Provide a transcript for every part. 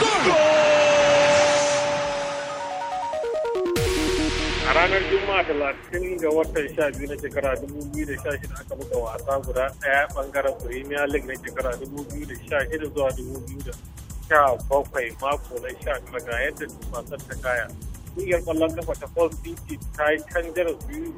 A ranar Juma'a talatin ga watan sha biyu na shekara dubu biyu da sha shida aka buga wasa guda ɗaya ɓangaren Premier League na shekara dubu biyu da sha shida zuwa dubu biyu da sha bakwai mako na sha biyu ga yadda wasan ta kaya. Ƙungiyar ƙwallon kafa ta Paul City ta yi canjar biyu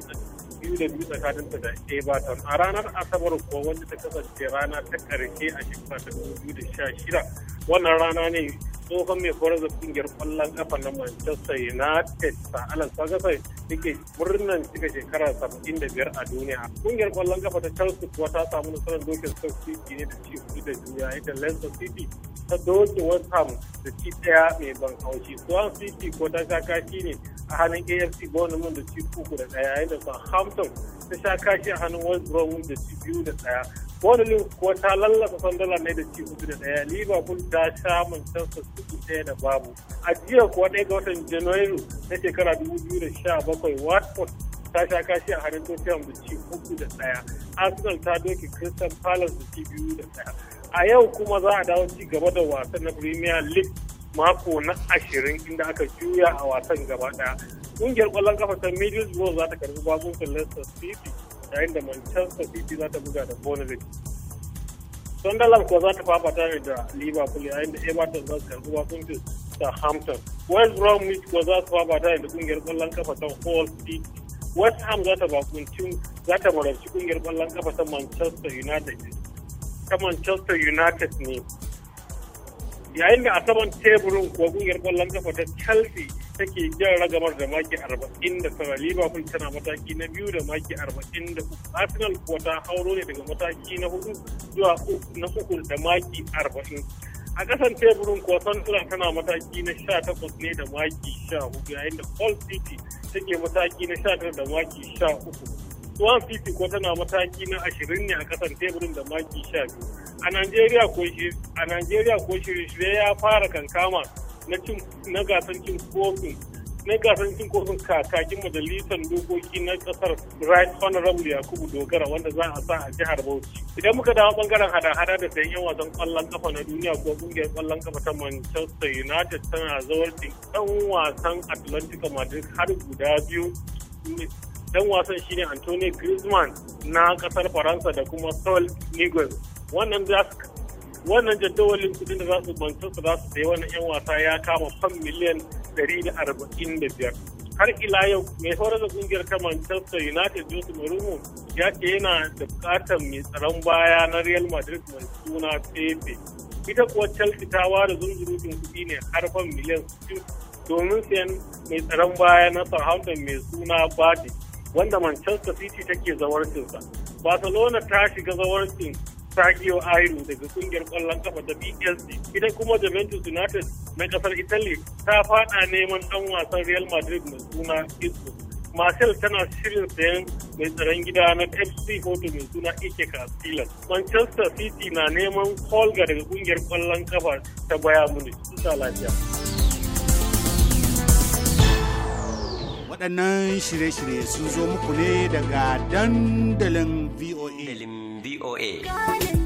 biyu da biyu ta da Everton. A ranar Asabar kuwa wanda ta kasance rana ta ƙarshe a shekara ta dubu biyu da sha shida wannan rana ne tsohon mai horar da kungiyar kwallon kafa na Manchester United sa Alan Ferguson ke murnan cika shekara 75 biyar a duniya. Kungiyar kwallon kafa ta Chelsea kuwa ta samu nasarar dokin Stoke City ne da ci hudu da duniya yadda Leicester City ta doke West Ham da ci daya mai ban haushi. Swan City ko ta sha kashi ne a hannun AFC Bournemouth da ci uku da daya yayin da Southampton ta sha kashi a hannun West Brom da ci biyu da daya. wani kuwa ko ta lallata sandala ne da ci hudu da daya liverpool ta sha su ku ɗaya da babu a jiya kuwa ɗaya ga watan janairu na shekara dubu biyu da sha bakwai watford ta sha kashi a hannun tottenham da ci hudu da daya arsenal ta doke crystal palace da ci biyu da daya a yau kuma za a dawo ci gaba da wasan na premier league mako na ashirin inda aka juya a wasan gaba daya ƙungiyar ƙwallon kafa ta middlesbrough za ta karbi babun leicester city yayin da Manchester City za ta buga da Bournemouth. Sunderland kuwa za ta fafata da Liverpool yayin da Everton za su karbi bakuncin Southampton. West Bromwich kuwa za su fafata ne da kungiyar kwallon kafa ta Hull City. West Ham za ta bakuncin za ta kungiyar kwallon kafa ta Manchester United. Ta Manchester United ne yayin da a saman teburin kuwa kungiyar kwallon kafa ta chelsea take jan ragamar da maki 49 liverpool tana mataki na biyu da maki 43 arsenal kuwa ta hauro ne daga mataki na hudu zuwa na uku da maki 40 a kasan teburin kuwa sunderland tana mataki na 18 ne da maki 14 yayin da hull city take mataki na 19 da maki 13 swan city kuwa tana mataki na 20 ne a kasan teburin da maki 12 a Najeriya ko a Najeriya ko shi shirye ya fara kankama na cin na gasan cin kofin na gasan cin kofin kakakin majalisar dokoki na kasar Right Honorable Yakubu Dogara wanda za a sa a jihar Bauchi. Idan muka dawo bangaren hada-hada da sayan wasan kwallon kafa na duniya ko kungiyar kwallon kafa ta Manchester United tana da dan wasan Atlantic Madrid har guda biyu dan wasan shine Antonio Griezmann na kasar Faransa da kuma sol Niguez wannan za su wannan jadawalin kudin da za su bantar su za su sayi wannan yan wasa ya kama fan miliyan 145 har ila yau mai horar da kungiyar ta Manchester United Jose Mourinho ya ce yana da bukatar mai tsaron baya na Real Madrid mai suna Pepe ita kuwa Chelsea ta ware zunzurutun kudi ne har fan miliyan 60 domin sayan mai tsaron baya na Southampton mai suna Bardi wanda Manchester City take zawarcinsa Barcelona ta shiga zawarcin Sagio Ayu daga kungiyar kwallon kafa ta PSG ita kuma Juventus United na kasar Italy ta fada neman dan wasan Real Madrid mai suna Isco. Marcel tana shirin sayan mai tsaron gida na FC Porto mai suna Ike Casillas. Manchester City na neman Holga daga kungiyar kwallon kafa ta Bayern Munich. Tuta lafiya. waɗannan shirye-shirye sun zo muku ne daga dandalin voa.